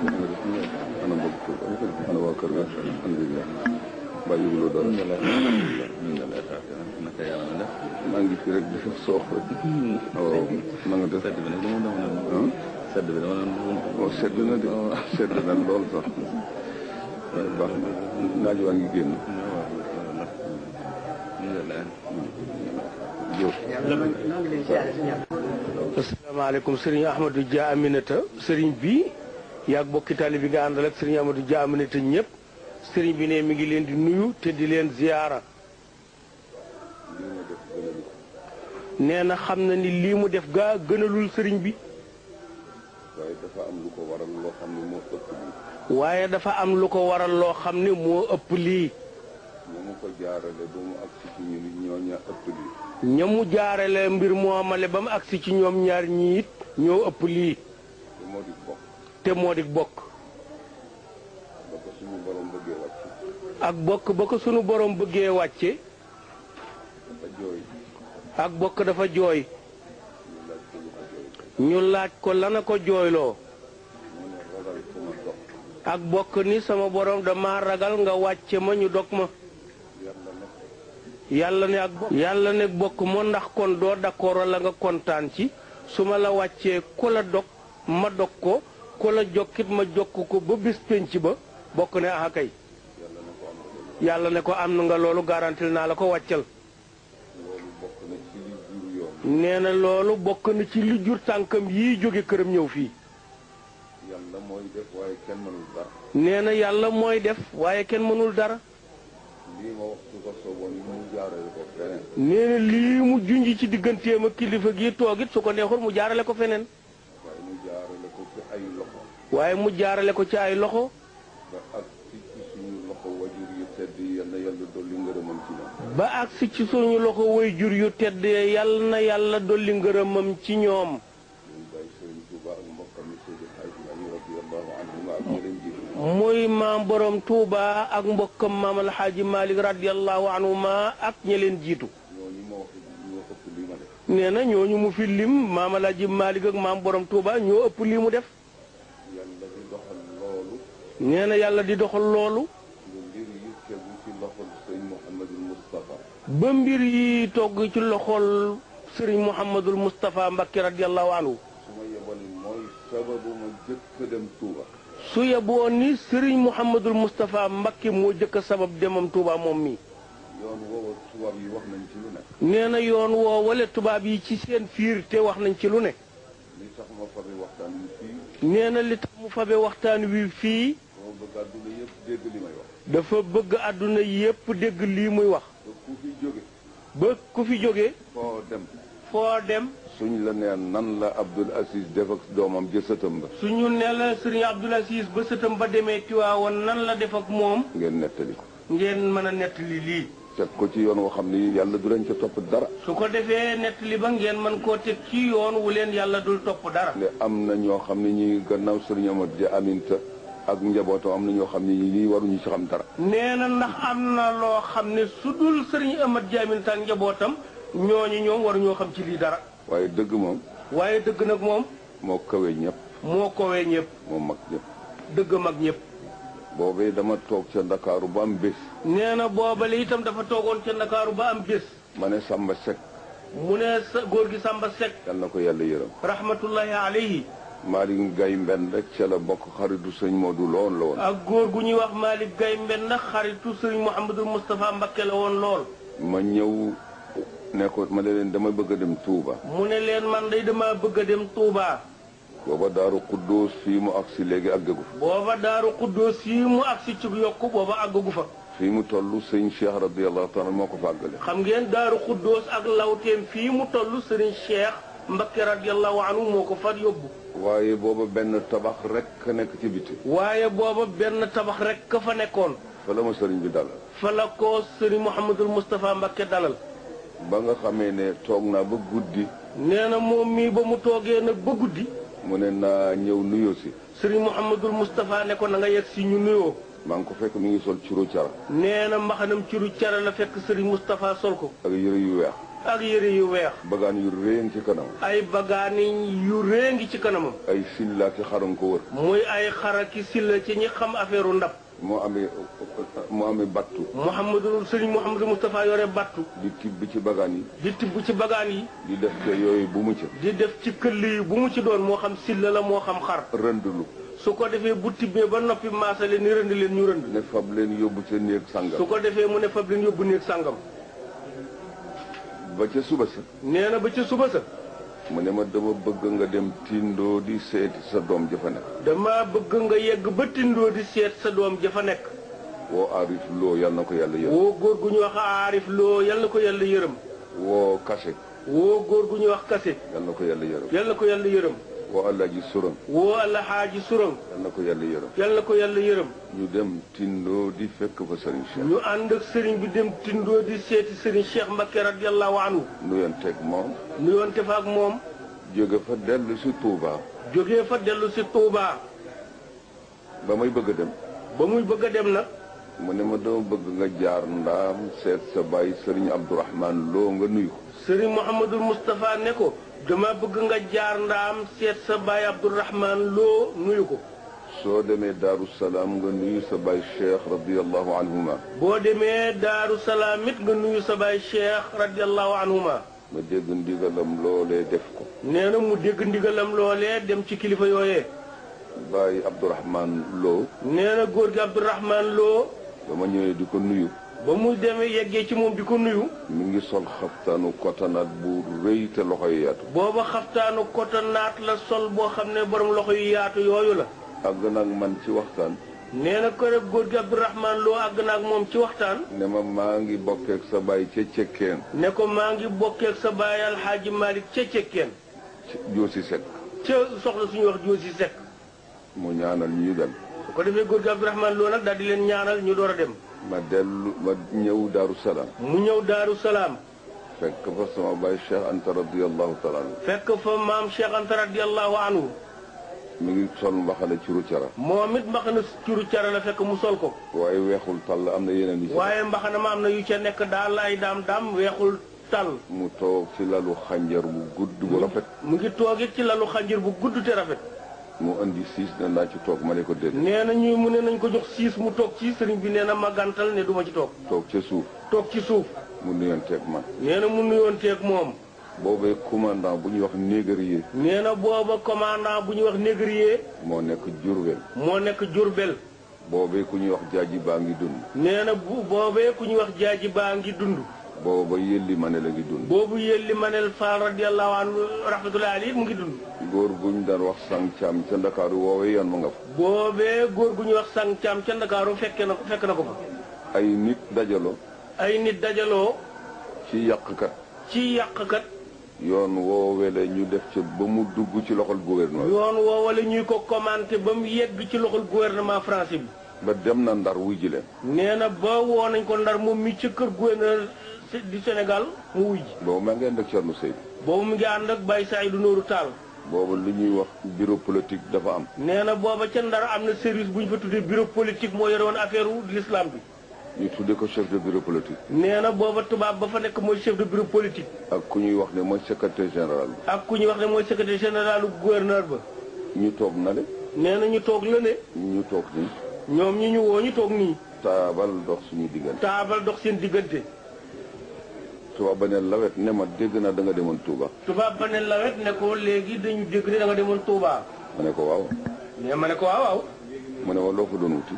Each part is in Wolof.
ana mbokk Tuuba ana waa kër ga alhamdulilah bàyyi wu loo dara naka yàlla na def maa ngi fi rek di soox rek waaw na nga def sedd bi nag dama doon sedd bi dama doon sedd na de sedd na lool sax baax na naaj waa ngi génn asalaamaaleykum sëriñ Ahmadou Dia Aminata sëriñ bi yaag bokki tali bi nga àndal ak sëriñ Amadou Dia te ñëpp sëriñ bi ne mi ngi leen di nuyu te di leen ziyaara nee na xam na ni lii mu def gaa gënalul sëriñ bi waaye dafa am lu ko waral loo xam ne moo ëpp lii waaye dafa am lu ko waral jaarale ba mu agsi ci ñun ñoo ñaa ëpp lii ñamu jaarale mbir moomale ba mu agsi ci ñoom ñaar ñi it ñoo ëpp lii te moo di bokk ak bokk ba ko sunu borom bëggee wàcce ak bokk dafa jooy ñu laaj ko lana ko jooyloo ak bokk ni sama borom dama ragal nga wàcce ma ñu dog ma yàlla ne ak yàlla ne bokk moo ndax kon doo d'accord la nga kontaan ci su ma la wàccee ku la dog ma dog ko ku la jokkit ma jokk ko ba bis pénc ba bokk ne aha yàlla ne ko am na nga loolu garantil naa la ko wàccal nee na loolu bokk na ci li jur tànkam yiy jóge këram ñëw fii yàlla mooy def waaye kenn mënul dara nee na yàlla mooy def waaye kenn mënul dara lii mu jaarale ko feneen nee na ci digganteem ak kilifa gi toogit su ko neexul mu jaarale ko feneen waaye mu jaarale ko ci ay loxo. ba agsi ci suñu loxo way jur yu tedd yal na yàlla dolli ngërëmam ci ñoom. muy maam borom Touba ak mbokkam maam alxaaji Malick radiallahu anhuma ak ña leen jiitu. nee na ñooñu mu fi lim maam alxaaji Malick ak maam borom Touba ñoo ëpp lii mu def. nee na yàlla di doxal loolu. ba mbir yi togg ci loxol sëriñ Mouhamadul Moustapha Mbacke radiyallahu anhu. su yeboo ni sëriñ Mouhamadul Moustapha Mbacke moo jëkk sabab demam Touba moom mi. nee na yoon woo wale tubaab yi ci seen fiir te wax nañ ci lu ne. nee na li tax mu fabe waxtaan wi fii. bëgg àdduna yëpp dégg dafa bëgg àdduna yëpp dégg lii muy wax. ba ku fi jóge. ba ku fi jóge. foo dem. foo dem. suñu la nee nan la Abdoul Aziz def ak doomam ja sëtam ba. suñu nee la sëriñ Abdoul Aziz ba sëtam ba demee Tiwaawan nan la def ak moom. ngeen nettali ko. ngeen mën a nettali lii. teg ko ci yoon woo xam ni yàlla du leen ca topp dara. su ko defee nettali ba ngeen mën koo teg ci yoon wu leen yàlla dul topp dara. ne am na ñoo xam ne ñi gannaaw sëriñ Amat ja aminta ak njabootam am na ñoo xam ne lii waruñu ci xam dara. nee na ndax am na loo xam ne su dul sëriñ Amath Diamine ak njabootam ñooñu ñoom waruñoo xam ci lii dara. waaye dëgg moom. waaye dëgg nag moom. moo kawe ñépp moo kawee ñëpp. moom mag ñëpp. dëgg mag ñëpp. boobee dama toog ca ndakaaru ba am bés. nee na booba boobale itam dafa toogoon ca ndakaaru ba am bés. ma ne Samba Seck. mu ne góor gi Samba Seck. yal na ko yàlla yërëm. rahmatullahi alayhi. Malick gay Mbenn rek ca la bokk xaritu sëñ moo du woon la woon. ak góor gu ñuy wax Malick Gaye Mbenn nag xaritu sëñ Mouhamadou Moustapha Mbacké la woon lool. ma ñëw nekkoon ma ne leen dama bëgg a dem Touba. mu ne leen man day dama bëgg a dem Touba. booba daaru Quddoos fii mu agsi léegi àggagu fa. booba daaru Quddoos fii mu agsi ci yokk booba àggagu fa. fii mu toll sëñ Cheikh radiyallahu moo ko fàggale. xam ngeen daaru Quddoos ak lawteem fii mu toll sëriñ Cheikh Mbacké radiyallahu anhu moo ko fa yóbbu. waaye booba benn tabax rek nekk ci biti. waaye booba benn tabax rek a fa nekkoon. fa la ma sëriñ bi dalal. fa la ko sëriñ Mouhamadul Moustapha Mbacké dalal. ba nga xamee ne toog naa ba guddi. nee na moom mii ba mu toogee nag ba guddi. mu ne naa ñëw nuyoo si. sëriñ Mouhamadul Moustapha ne ko na nga yegg si ñu nuyoo. maa ko fekk mi ngi sol curu cara. nee na mbaxanam curu cara la fekk sëriñ Moustapha sol ko. ak yëre yu weex. ak yére yu weex. bagaan yu rëy ngi ci kanam. ay bagaan yu rëy ngi ci kanamam. ay sin laa ci xaram ko wër. muy ay xara ki si la ci ñi xam affaire ndab. moo amee moo amee battu. Mouhamadou Serigne Mouhamadou Moustapha yore battu. di tibb ci bagaan yi. di tibb ci bagaan yi. di def ca yooyu bu mu ci. di def ci këll yi bu mu ci doon moo xam silla la moo xam xar. rëndlu. su ko defee bu tibbee ba noppi maasale ni rënd leen ñu rënd. ne fab leen yóbbu ca néeg sangam. su ko defee mu ne fab leen yóbbu néeg sangam. ba ca suba sa. nee na ba ca suba sa. mu ne ma dama bëgg nga dem Tindo di seet sa doom ja jafa nekk. dama bëgg nga yegg ba Tindo di seet sa doom jafa nekk. woo aarif loo na ko yàlla yërëm. góor gu ñuy wax aarif loo yal ko yàlla yërëm. woo kase. woo góor gu ñuy wax kase. yal na ko yàlla yërëm. yàlla ko yàlla yërëm. woo alaaji suram woo alaaji suram yal na ko yàlla yërëm yal na ko yàlla yërëm ñu dem tindoo di fekk fa sëriñ Cheikh ñu ànd ak sëriñ bi dem tindoo di seeti sëriñ Cheikh Mbacké radiyallahu anhu nuyonteeg moom nuyonte fa ak moom jóge fa dellu si Touba jóge fa dellu si Touba ba muy bëgg a dem ba muy bëgg a dem nag mu ne ma dama bëgg nga jaar ndaam seet sa bàyyi sëriñ Abdourahman loo nga nuyu ko. sëriñ Mouhamadul Moustapha ne ko dama bëgg nga jaar ndaam seet sa bàyyi Abdourahman loo nuyu ko. soo demee Daaru Salaam nga nuyu sa baay Cheikh radiyallahu anhuma. boo demee Daaru Salaam it nga nuyu sa baay Cheikh radiyallahu anhuma. ma dégg ndigalam loolee def ko. nee mu dégg ndigalam loolee dem ci kilifa yooyee. baay Abdourahman Lo. nee góor gi Abdourahman Lo. ba ma ñëwee di ko nuyu. ba mu demee yeggee ci moom di ko nuyu. mu ngi sol xaftaanu kotanaat bu rëy te loxo yi yaatu. booba xaftaanu kotanaat la sol boo xam ne borom loxo yi yaatu yooyu la. àgg na ak man ci waxtaan. nee na ko rek góor gi Abdourahman loo àgg na ak moom ci waxtaan. ne ma maa ngi bokkeek sa baay ca cekkeen. ne ko maa ngi bokkeek sa baay alxaaji Malick ca cekkeen. ca Joosi Sekk. ca soxla suñu wax Joosi Sekk. mu ñaanal ñuy dem. ko defee góor gi Abdourahmane Lo nag daal di leen ñaanal ñu door a dem. ma dellu ma ñëw Daaru Salaam. mu ñëw Daaru Salaam. fekk fa sama baay Cheikh Anta radiyallahu taala anhu. fekk fa maam Cheikh Anta radiyallahu anhu. mi ngi sol mbaxana curu cara. moom it mbaxana curu cara la fekk mu sol ko. waaye weexul tàll am na yeneen yu. waaye mbaxana ma am na yu ca nekk daal ay daam daam weexul. tal mu toog ci lalu xanjar bu gudd bu rafet. mu ngi toog it ci lalu xanjar bu gudd te rafet. mu indi siis ne naa ci toog ma ne ko déedéet. nee na ñu mu ne nañ ko jox siis mu toog ci sëriñ bi nee na ma gàntal ne du ma ci toog. toog ca suuf. toog ci suuf. mu nuyoon teeg man. nee na mu nuyoon teeg moom. boobee commandant bu ñuy wax négrier. nee na booba commandant bu ñuy wax négrier. moo nekk Jurbel. moo nekk Jurbel. boobee ku ñuy wax jaaji baa ngi dund. nee na bu boobee ku ñuy wax jaaji baa ngi dund. boobu ba yëlli manel a ngi dund boobu yëlli manel Fall radiallahu anhu rahmatullahi alayhi mu ngi dund góor ñu daan wax sang caam ca ndakaaru woowee yoon ma nga fa boobee góor gu ñu wax sang caam ca ndakaaru fekke na fekk na ko fa ay nit dajaloo ay nit dajaloo ci yàqkat ci yàqkat yoon woowe la ñu def ci ba mu dugg ci loxol gouvernement yoon woowe ko commenté ba mu yegg ci loxol gouvernement français bi ba dem na ndar wuy ji leen nee na ba woo ko ndar moom mi ci kër gouverneur di Sénégal mu wuy ji. boobu maa ngi ànd ak Thierno Seydou. boobu mu ngi ànd ak Baye Seydou Nourou Tall. boobu lu ñuy wax bureau politique dafa am. nee na booba ca Ndar am na service bu ñu fa tuddee bureau politique moo yore woon affaire wu l'islam bi. ñu tuddee ko chef de bureau politique. nee na booba tubaab ba fa nekk mooy chef de bureau politique. ak ku ñuy wax ne mooy secrétaire général. ak ku ñuy wax ne mooy secrétaire général gouverneur ba. ñu toog na le. nee na ñu toog la ñu toog ñoom ñi ñu woo ñu toog nii. taabal dox suñu diggante. taabal dox seen diggante. tubaab ba ne lawet ne ma dégg na da demoon Touba. tubaab ba ne lawet ne ko léegi dañu dégg ne da demoon Touba. ma ne ko waaw. mais ma ne ko waaw waaw. mu ne ma loo fa doon wuti.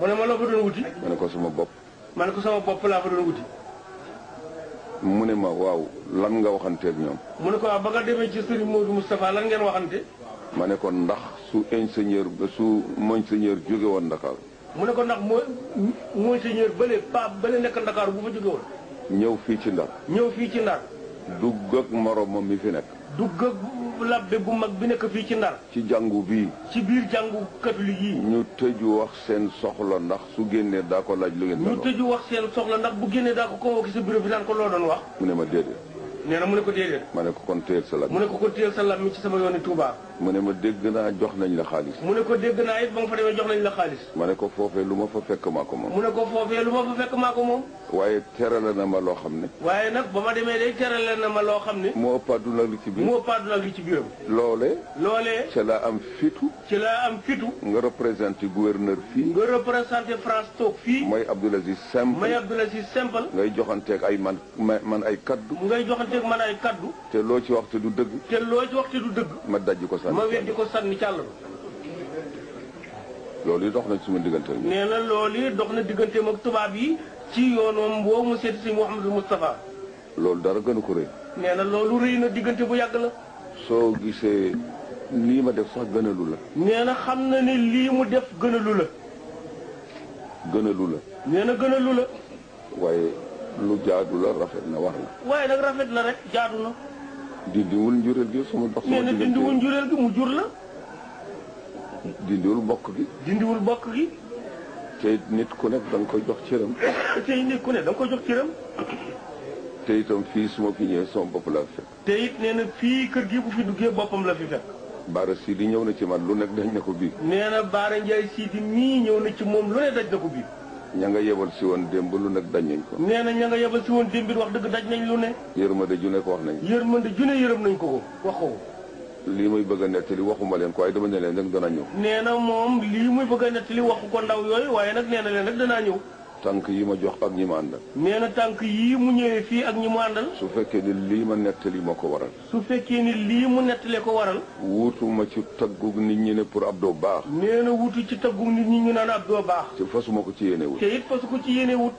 mu ne ma loo fa doon wuti. ma ne ko sama bopp. ma ne ko sama bopp laa fa doon wuti. mu ne ma waaw lan nga waxanteel ñoom. mu ne ko waaw ba nga demee ci moo Modou Moustapha lan ngeen waxante. ma ne ko ndax su ingénieur su monseigneur jóge woon Dakar. mu ne ko ndax moo monseigneur bële Pape bële nekk Dakar bu fa jóge woon. ñëw fii ci ndar. ñëw fii ci ndar. dugg ak moromam mi fi nekk. dugg ak labbe bu mag bi nekk fii ci ndar. ci jàngu bii. ci biir jàngu catholique yi. ñu tëju wax seen soxla ndax su génnee daa ko laaj lu ngeen. ñu tëju wax seen soxla ndax bu génnee daa ko convoqué sa bureau bi naan ko loo doon wax. mu ne ma déedéet. nee na mu ne ko déedéet. ma ne ko kon téyel sa lam. mu ne ko kon téyel sa lam mi ci sama yooni Touba. mu ne ma dégg naa jox nañ la xaalis mu ne ko dégg naa it ba nga fa demee jox nañ la xaalis ma ne ko foofee lu ma fa fekk maa ko moom ko foofee lu ma fa fekk maa ko waaye terale na ma loo xam ne waaye nag ba ma demee day terale na ma loo xam ne moo ëpp du ak li ci biir moo ëpp àdduna ak li ci biiram loolee loolee ci laa am fitu ci laa am fitu nga représenté gouverneur fii nga représenté France toog fii mooy Abdoul Aziz Simple mooy Abdoul ngay joxanteek ay man man ay kaddu ngay joxanteeg man ay kaddu te loo ci waxte du dëgg te loo ci waxte du dëgg ma dajj ko sax ma weddi ko sànni càll ba. loolu yi dox na suma diggante nee na loolu yi dox na digganteem ak tubaab yi ci yoonam boobu mu seeti si Mouhamadou Moustapha. loolu dara gënu ko rëy. nee na loolu rëy na diggante bu yàgg la. soo gisee lii ma def sax gënalu la. nee na xam na ne lii mu def gënalu la. gënalu la. nee na gënalu la. waaye lu jaadu la rafet na war na. waaye nag rafet na rek jaadu na. dindiwul njureel gi suma dox. sama diggante nee na dindiwul njureel gi mu jur la. dindiwul bokk gi. dindiwul bokk gi. te nit ku nekk da ko jox cëram. te nit da nga koy jox cëram. fii suma ma fi ñëwee sama bopp laa fi fekk. te it na fii kër gi bu fi duggee boppam la fi fekk. Baara Sidi ñëw na ci man lu nekk dañ na ko bii. nee na Baara Ndiaye Sidi mii ñëw na ci moom lu ne daj na ko bii. ña nga yebal si woon démb lu nag daj nañ ko nee na ña nga yebal si woon démb wax dëgg daj nañu lu ne yërmande june ko wax nañ yërmande june yërëm nañ ko ko wax ko lii muy bëgg a nettali waxuma leen ko waaye dama ne leen rek danaa ñëw nee na moom lii muy bëgg a nettali waxu ko ndaw yooyu waaye nag nee na leen rek danaa ñëw tànk yi ma jox ak ñi ma àndal. nee tànk yii mu ñëwee fii ak ñi mu àndal. su fekkee ni lii ma nettali ma ko waral. su fekkee nit lii mu nettalee ko waral. wuutu ma ci taggu nit ñi ne pour ab doo baax. nee na wuutu ci taggu nit ñi ñu naan ab doo baax. te fasuma ko ci yéene wut. te it fasu ko ci yéene wut.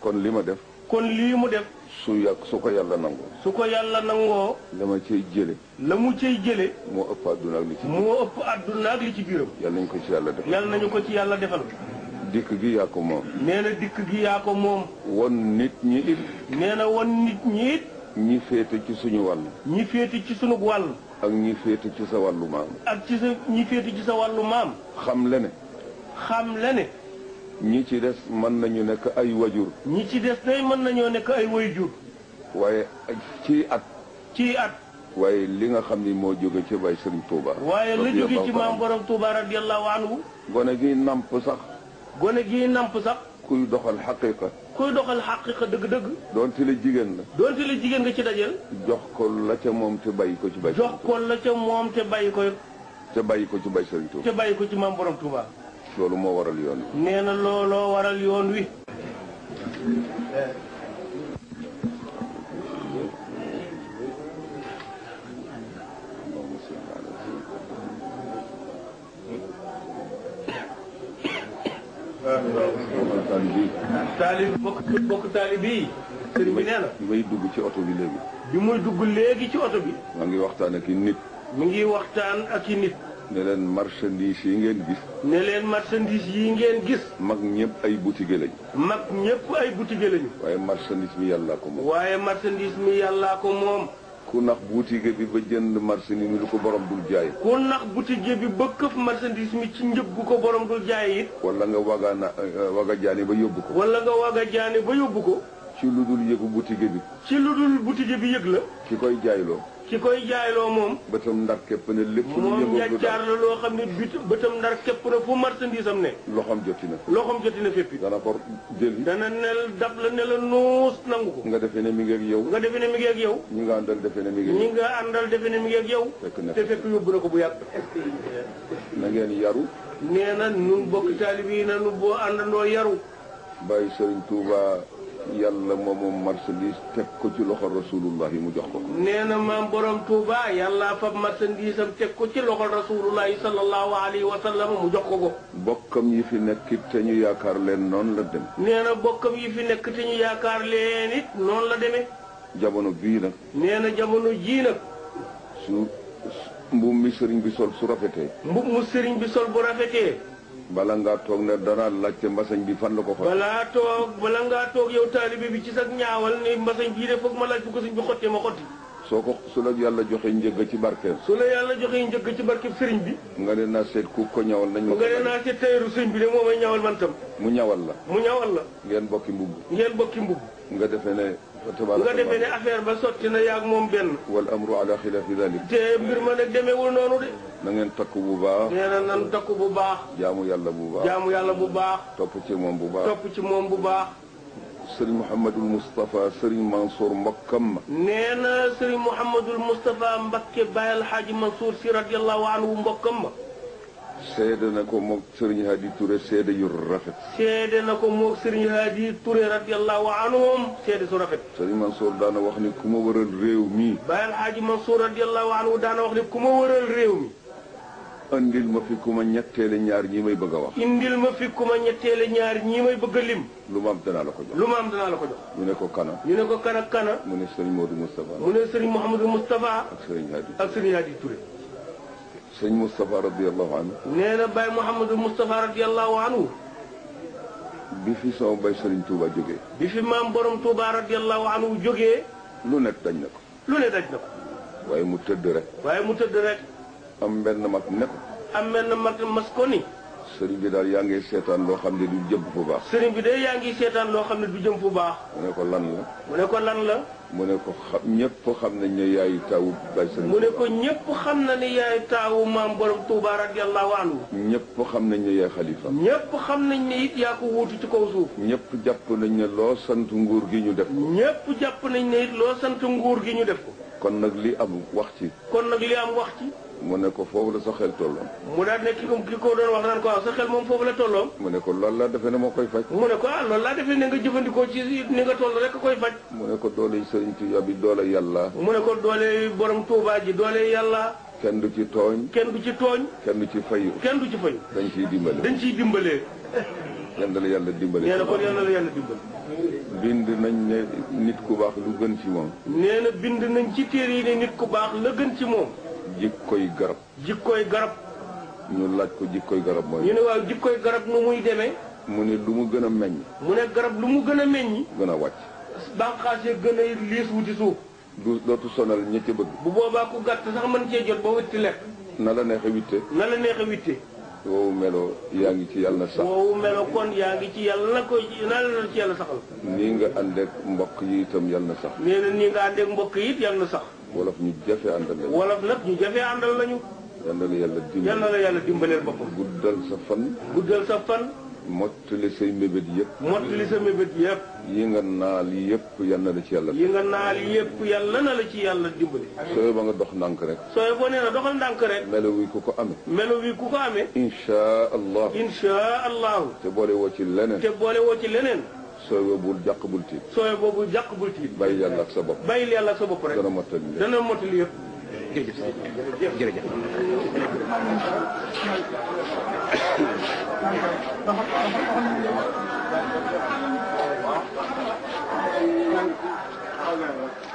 kon li ma def. kon lii mu def. su yàgg su ko yàlla nangoo. su ko yàlla nangoo. la ma cay jële la mu cay jële moo ëpp àdduna ak li ci. moo ëpp àdduna ak li ci biiram. yàlla nañu ko ci yàlla defal. yàlla nañu ko ci yàlla defal. dikk gi yaa ko moom. nee na dikk gi yaa ko moom. won nit ñi it. nee na won nit ñi it. ñi féete ci suñu wàll. ñi féete ci suñu wàll. ak ñi féete ci sa wàllu maam. ak ci sa ñi féete ci sa wàllu maam. xam le xam le ne. ñi ci des mën nañu nekk ay wajur. ñi ci des day mën nañoo nekk ay wayjur. waaye ci at. ci at. waaye li nga xam ni moo jóge ci bay Serigne Touba. waaye la jóge ci maam borom Touba radiyallahu anhu. gone gi namp sax. gone gii namp sax kuy doxal xaqiqa kuy doxal xaqiqa dëgg-dëgg doonte la jigéen la doonte la jigéen nga ci dajal jox ko la ca moom te bàyyi ko ci bay jox ko la ca moom te bàyyi ko te bàyyi ko ci bay Sëriñ Tuuba te bàyyi ko ci maam borom Tuuba loolu moo waral yoon wi nee na looloo waral yoon wi taalib bokk bokk taalib yi. sëriñ bi nee na. bi dugg ci oto bi léegi. bi muy dugg léegi ci oto bi. maa ngi waxtaan ak i nit. mu ngi waxtaan ak i nit. ne leen marchandise yi ngeen gis. ne leen marchandise yi ngeen gis. mag ñëpp ay boutique lañ. mag ñëpp ay boutique lañ. waaye marchandise mi yàllaa ko moom. waaye marchandise mi yàllaa ko moom. ku nax boutique bi ba jënd marchandise ni lu ko borom dul jaay ku nax boutique bi ba këf marchandise mi ci njëg gu ko borom dul jaay it wala nga waga na euh, waga jaani ba yóbbu ko wala nga waga jaani ba yóbbu ko ci lu dul yëgu boutique bi ci lu dul boutique bi yëg la ki koy jaayloo ki koy jaayloo moom. bëtam ndar képp ne lépp lu moom loo xam ne bëtam ndar képp na fu marchandise am ne. loxoom joti na. loxoom na fépp. dana ko jëli. dana nel dab la ne la nangu ko. nga defe ne mi ngi ak yow. nga defe ne mi ngi yow. ñi nga àndal defe ne mi ngi yow. ñi nga àndal defe ne mi ngi ak yow. fekk na te fekk yóbbu na ko bu yàgg. na ngeen yaru. nee na ñun bokk taalibi yi na nu boo àndandoo yaru. bàyyi Serigne Touba. yàlla moo moom marchandise teg ko ci loxo rasulullah yi mu jox ko. nee na maam borom Touba yàlla fab marchandise am teg ko ci loxo rasulullah yi sallallahu alayhi wa sallam mu jox ko ko. bokkam yi fi nekk te ñu yaakaar leen noon la dem. nee na bokkam yi fi nekk te ñu yaakaar leen it la demee. jamono bii nag. nee na jamono jii na su mbubb mi sëriñ bi sol su rafetee. mbubb mu sëriñ bi sol bu rafetee. bala ngaa toog ne danaa laajte mbasañ bi fan la ko xottee. balaa toog bala ngaa toog yow taalibe bi ci sax ñaawal ne mbasañ bii de foog ma laaj bu ko bi xottee ma xotti. soo ko su la yàlla joxe njeg ci barkeem. su la yàlla joxe njëgg ci barkeem sëriñ bi. nga ne naa seet ku ko ñawal nañ ma. nga ne naa seet tayeeru sëriñ bi de moom may ñawal man tam. mu ñawal la. mu ñawal la. ngeen bokki mbubb. ngeen bokki mbubb. nga defee ne. nga defee ne affaire ba sotti na yaag moom benn wal amru ala xilaafi dalik te mbir ma nag demeewul noonu de na ngeen takk bu baax nee na nan takk bu baax jaamu yàlla bu baax yàlla bu baax topp ci moom bu baax topp ci moom bu baax sëriñ Mouhamadul Moustapha sëriñ Mansour mbokkam ma nee na sëriñ Mouhamadul Moustapha Mbakke Bayal Xaaji Mansour si radiallahu anhu mbokkam ma seede na ko moog Serigne Hadi Touré seede yu rafet. seede na ko moog Serigne Hadi Touré radiyallahu anhum seede su rafet. Serigne Mansour daana wax ni ku ma waral réew mi. Baye El Hadj Mansour radiyallahu anhu daana wax ni ku ma waral réew mi. indil ma fi ku ma ñetteele ñaar ñi may bëgg wax. indil ma fi ku ma ñetteele ñaar ñi may bëgg a lim. lu ma am danaa la ko jox lu ma am danaa la ko jox. ñu ne ko kana. ñu ne ko kana kana. mu ne Serigne Modou Moustapha. mu ne Serigne Mouhamadou Moustapha. ak Serigne sëñ Moustapha radiyallahu anhu. nee na Baye Mouhamadou Moustapha radiyallahu anhu. bi fi sama bay Serigne Touba jógee. bi fi maam borom Touba radiyallahu anhu jógee. lu nekk daj na ko. lu ne daj na ko. waaye mu tëdd rek. waaye mu tëdd rek. am benn mag ne ko. am benn mag mas ni. sëriñ bi daal yaa ngi seetaan loo xam ne du jëm fu baax sëriñ bi day yaa ngi seetaan loo xam ne du jëm fu baax mu ne ko lan la mu ne ko lan la mu ne ko xam ñëpp xam nañ ne yaay taawu Baye Serigne mu ne ko ñëpp xam na ne yaay taawu maam borom Touba radiyallahu anhu ñëpp xam nañ ne yaay xalifa ñëpp xam nañ ne it yaa ko wuutu ci kaw suuf ñëpp jàpp nañ ne loo sant nguur gi ñu def ko ñëpp jàpp nañ ne it loo sant nguur gi ñu def ko kon nag li am wax ci kon nag wax ci mu ne ko foofu la sa xel tolloon. mu daal ne ki ki ko doon wax naan ko waaw sa xel moom foofu la tolloon. mu ne ko loolu la defee ne moo koy faj. mu ne ko ah loolu laa defee ne nga jëfandikoo ci ni nga toll rek koy faj. mu ne ko doole Sëriñ Tuuba bi doole yàlla. mu ne ko doole borom Tuuba ji doole yàlla. kenn du ci tooñ. kenn du ci tooñ. kenn du ci fayu. kenn du ci fayu. dañ ciy dimbale. dañ ciy dimbalee yal na la yàlla dimbale. nee na kon yal na la yàlla dimbale. bind nañ ne nit ku baax lu gën ci moom. nee na bind nañ ci téere yi ne nit ku baax la gën ci moom jikkoy garab. jikkoy garab. ñu laaj ko jikkoy garab mooy. ñu ne waaw jikkoy garab nu muy demee. mu ne lu mu gën a meññ. mu ne garab lu mu gën a meññ. gën a wàcc. bànqaas ya gën a liis wuti suuf. du dootu sonal ña ca bëgg. bu boobaa ku gàtt sax mën cee jot ba wëtti lekk. na la neex a witte. na la neex a witte. woowu melo yaa ngi ci yàlla na sax. woowu melo kon yaa ngi ci yàlla na koy na la ci yàlla saxal. nii nga àndeek mbokk yi itam yàlla na sax. nee na nii nga àndeek mbokk yi it yàlla wolof ñu jafe àndal lañu. wolof nag ñu jafe àndal na la yàlla dimbaleel yal na la yàlla dimbaleel boppam. guddal sa fan. guddal sa fan. mottali say mébét yëpp. mottali sa mébét yëpp. yi nga naal yëpp yal na la ci yàlla. yi nga naal yëpp yal na la ci yàlla dimbali. sooy ba nga dox ndànk rek. sooy boo nee na doxal ndànk rek. melo wi ku ko amee. melo wi ku ko amee. incha allah. incha allah. te boole woo ci leneen. te boole woo ci leneen. sooy bul jàq bul tiit. sooy boobu jàq bul tiit. bàyyi yàlla ak sa bopp. bàyyi yàlla